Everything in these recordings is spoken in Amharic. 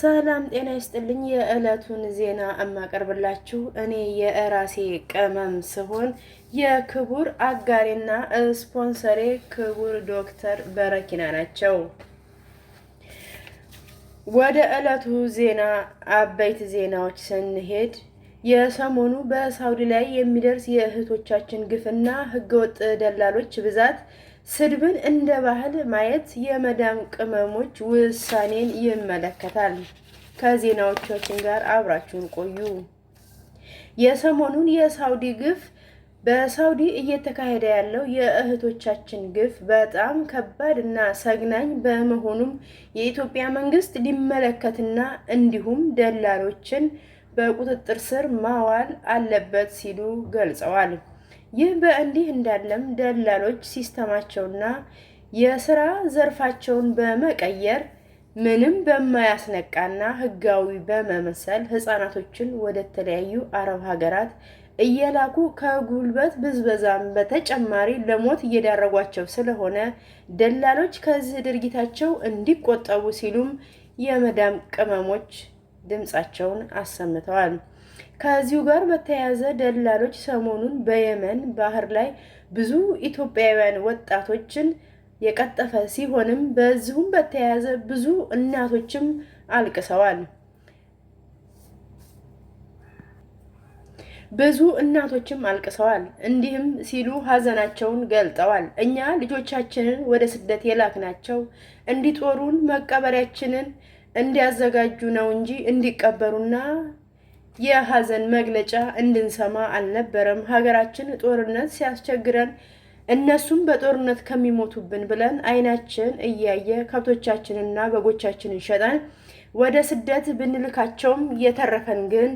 ሰላም ጤና ይስጥልኝ። የዕለቱን ዜና እማቀርብላችሁ እኔ የራሴ ቅመም ስሆን የክቡር አጋሬና ስፖንሰሬ ክቡር ዶክተር በረኪና ናቸው። ወደ ዕለቱ ዜና አበይት ዜናዎች ስንሄድ የሰሞኑ በሳውዲ ላይ የሚደርስ የእህቶቻችን ግፍና ህገወጥ ደላሎች ብዛት ስድብን እንደ ባህል ማየት የመዳም ቅመሞች ውሳኔን ይመለከታል። ከዜናዎቻችን ጋር አብራችሁን ቆዩ። የሰሞኑን የሳውዲ ግፍ በሳውዲ እየተካሄደ ያለው የእህቶቻችን ግፍ በጣም ከባድ እና ሰግናኝ በመሆኑም የኢትዮጵያ መንግስት ሊመለከትና እንዲሁም ደላሎችን በቁጥጥር ስር ማዋል አለበት ሲሉ ገልጸዋል። ይህ በእንዲህ እንዳለም ደላሎች ሲስተማቸውና የስራ ዘርፋቸውን በመቀየር ምንም በማያስነቃና ህጋዊ በመመሰል ህጻናቶችን ወደ ተለያዩ አረብ ሀገራት እየላኩ ከጉልበት ብዝበዛም በተጨማሪ ለሞት እየዳረጓቸው ስለሆነ ደላሎች ከዚህ ድርጊታቸው እንዲቆጠቡ ሲሉም የመዳም ቅመሞች ድምፃቸውን አሰምተዋል። ከዚሁ ጋር በተያያዘ ደላሎች ሰሞኑን በየመን ባህር ላይ ብዙ ኢትዮጵያውያን ወጣቶችን የቀጠፈ ሲሆንም በዚሁም በተያያዘ ብዙ እናቶችም አልቅሰዋል። ብዙ እናቶችም አልቅሰዋል። እንዲህም ሲሉ ሀዘናቸውን ገልጠዋል። እኛ ልጆቻችንን ወደ ስደት የላክናቸው እንዲጦሩን መቀበሪያችንን እንዲያዘጋጁ ነው እንጂ እንዲቀበሩና የሀዘን መግለጫ እንድንሰማ አልነበረም። ሀገራችን ጦርነት ሲያስቸግረን እነሱም በጦርነት ከሚሞቱብን ብለን አይናችን እያየ ከብቶቻችንና በጎቻችንን ሸጠን ወደ ስደት ብንልካቸውም የተረፈን ግን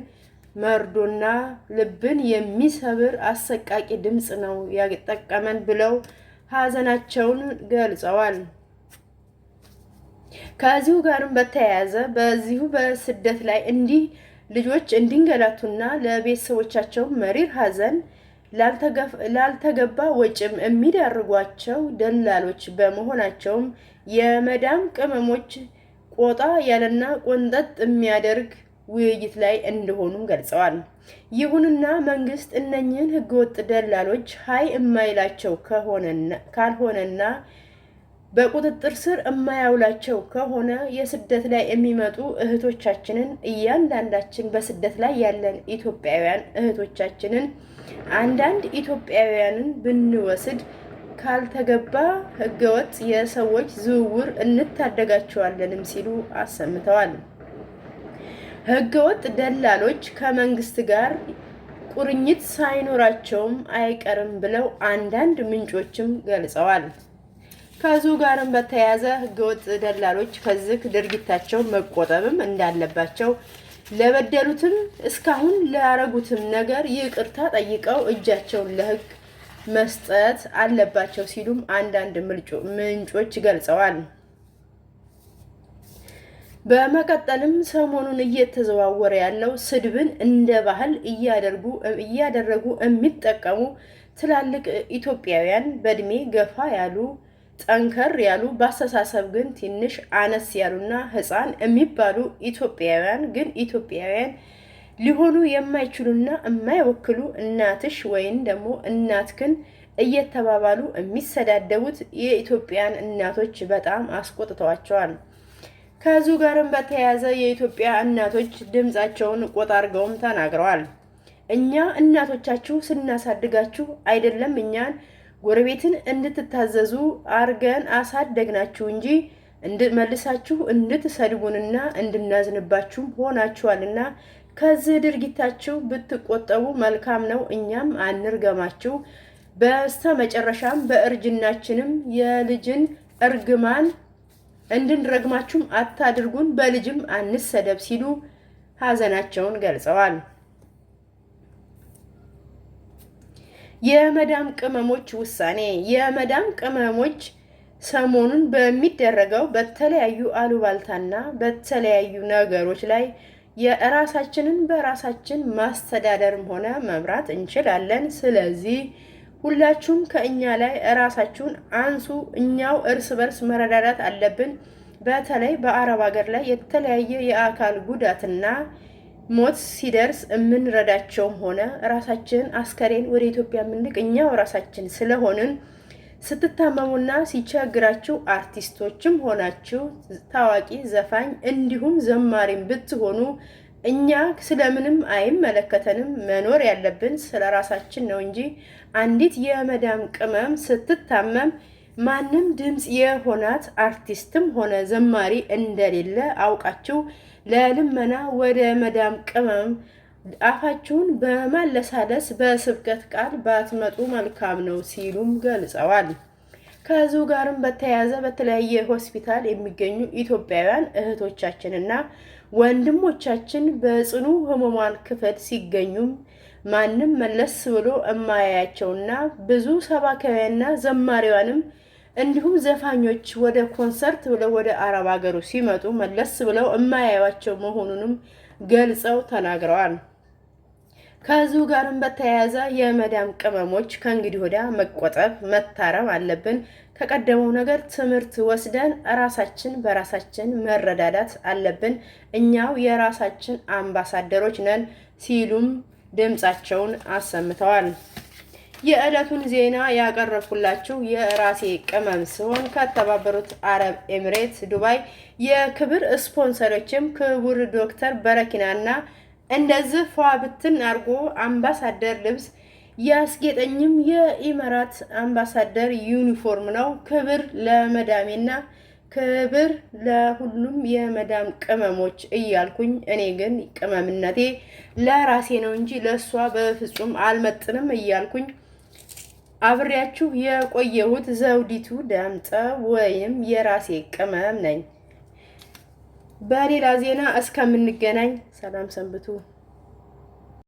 መርዶና ልብን የሚሰብር አሰቃቂ ድምፅ ነው ያጠቀመን ብለው ሀዘናቸውን ገልጸዋል። ከዚሁ ጋርም በተያያዘ በዚሁ በስደት ላይ እንዲህ ልጆች እንዲንገላቱና ለቤተሰቦቻቸው መሪር ሀዘን ላልተገባ ወጪም የሚዳርጓቸው ደላሎች በመሆናቸውም የመዳም ቅመሞች ቆጣ ያለና ቆንጠጥ የሚያደርግ ውይይት ላይ እንደሆኑ ገልጸዋል። ይሁንና መንግስት እነኝህን ህገወጥ ደላሎች ሀይ የማይላቸው ካልሆነና በቁጥጥር ስር የማያውላቸው ከሆነ የስደት ላይ የሚመጡ እህቶቻችንን እያንዳንዳችን በስደት ላይ ያለን ኢትዮጵያውያን እህቶቻችንን አንዳንድ ኢትዮጵያውያንን ብንወስድ ካልተገባ ህገወጥ የሰዎች ዝውውር እንታደጋቸዋለንም ሲሉ አሰምተዋል። ህገወጥ ደላሎች ከመንግስት ጋር ቁርኝት ሳይኖራቸውም አይቀርም ብለው አንዳንድ ምንጮችም ገልጸዋል። ከዙ ጋርም በተያያዘ ህገወጥ ደላሎች ከዚህ ድርጊታቸው መቆጠብም እንዳለባቸው ለበደሉትም እስካሁን ላረጉትም ነገር ይቅርታ ጠይቀው እጃቸውን ለህግ መስጠት አለባቸው ሲሉም አንዳንድ ምንጮች ገልጸዋል። በመቀጠልም ሰሞኑን እየተዘዋወረ ያለው ስድብን እንደ ባህል እያደረጉ የሚጠቀሙ ትላልቅ ኢትዮጵያውያን በእድሜ ገፋ ያሉ ጠንከር ያሉ በአስተሳሰብ ግን ትንሽ አነስ ያሉና ሕፃን የሚባሉ ኢትዮጵያውያን ግን ኢትዮጵያውያን ሊሆኑ የማይችሉና የማይወክሉ እናትሽ ወይም ደግሞ እናትክን እየተባባሉ የሚሰዳደቡት የኢትዮጵያን እናቶች በጣም አስቆጥተዋቸዋል። ከዚሁ ጋርም በተያያዘ የኢትዮጵያ እናቶች ድምፃቸውን ቆጣርገውም ተናግረዋል። እኛ እናቶቻችሁ ስናሳድጋችሁ አይደለም እኛን ጎረቤትን እንድትታዘዙ አርገን አሳደግናችሁ እንጂ እንድመልሳችሁ እንድትሰድቡንና እንድናዝንባችሁም ሆናችኋልና ከዚህ ድርጊታችሁ ብትቆጠቡ መልካም ነው፣ እኛም አንርገማችሁ። በስተመጨረሻም በእርጅናችንም የልጅን እርግማን እንድንረግማችሁም አታድርጉን፣ በልጅም አንሰደብ ሲሉ ሀዘናቸውን ገልጸዋል። የመዳም ቅመሞች ውሳኔ የመዳም ቅመሞች ሰሞኑን በሚደረገው በተለያዩ አሉባልታና በተለያዩ ነገሮች ላይ የራሳችንን በራሳችን ማስተዳደርም ሆነ መምራት እንችላለን። ስለዚህ ሁላችሁም ከእኛ ላይ ራሳችሁን አንሱ። እኛው እርስ በርስ መረዳዳት አለብን። በተለይ በአረብ ሀገር ላይ የተለያየ የአካል ጉዳትና ሞት ሲደርስ የምንረዳቸውም ሆነ ራሳችን አስከሬን ወደ ኢትዮጵያ የምንልቅ እኛው ራሳችን ስለሆንን ስትታመሙና ሲቸግራችሁ አርቲስቶችም ሆናችሁ ታዋቂ ዘፋኝ እንዲሁም ዘማሪም ብትሆኑ እኛ ስለምንም አይመለከተንም። መኖር ያለብን ስለ ራሳችን ነው እንጂ አንዲት የመዳም ቅመም ስትታመም ማንም ድምፅ የሆናት አርቲስትም ሆነ ዘማሪ እንደሌለ አውቃችሁ ለልመና ወደ መዳም ቅመም አፋችሁን በማለሳለስ በስብከት ቃል ባትመጡ መልካም ነው ሲሉም ገልጸዋል። ከዚሁ ጋርም በተያያዘ በተለያየ ሆስፒታል የሚገኙ ኢትዮጵያውያን እህቶቻችንና ወንድሞቻችን በጽኑ ህሙማን ክፍል ሲገኙም ማንም መለስ ብሎ እማያያቸውና ብዙ ሰባካውያንና ዘማሪዋንም እንዲሁም ዘፋኞች ወደ ኮንሰርት ብለው ወደ አረብ ሀገሩ ሲመጡ መለስ ብለው እማያዩቸው መሆኑንም ገልጸው ተናግረዋል። ከዚሁ ጋርም በተያያዘ የመዳም ቅመሞች ከእንግዲህ ወዲያ መቆጠብ፣ መታረም አለብን። ከቀደመው ነገር ትምህርት ወስደን ራሳችን በራሳችን መረዳዳት አለብን። እኛው የራሳችን አምባሳደሮች ነን ሲሉም ድምፃቸውን አሰምተዋል። የዕለቱን ዜና ያቀረብኩላችሁ የራሴ ቅመም ሲሆን ከተባበሩት አረብ ኤምሬት ዱባይ የክብር ስፖንሰሮችም ክቡር ዶክተር በረኪናና እንደዚህ ፏብትን አርጎ አምባሳደር ልብስ ያስጌጠኝም የኢመራት አምባሳደር ዩኒፎርም ነው። ክብር ለመዳሜና ክብር ለሁሉም የመዳም ቅመሞች እያልኩኝ እኔ ግን ቅመምነቴ ለራሴ ነው እንጂ ለእሷ በፍጹም አልመጥንም እያልኩኝ አብሬያችሁ የቆየሁት ዘውዲቱ ዳምጠ ወይም የራሴ ቅመም ነኝ። በሌላ ዜና እስከምንገናኝ ሰላም ሰንብቱ።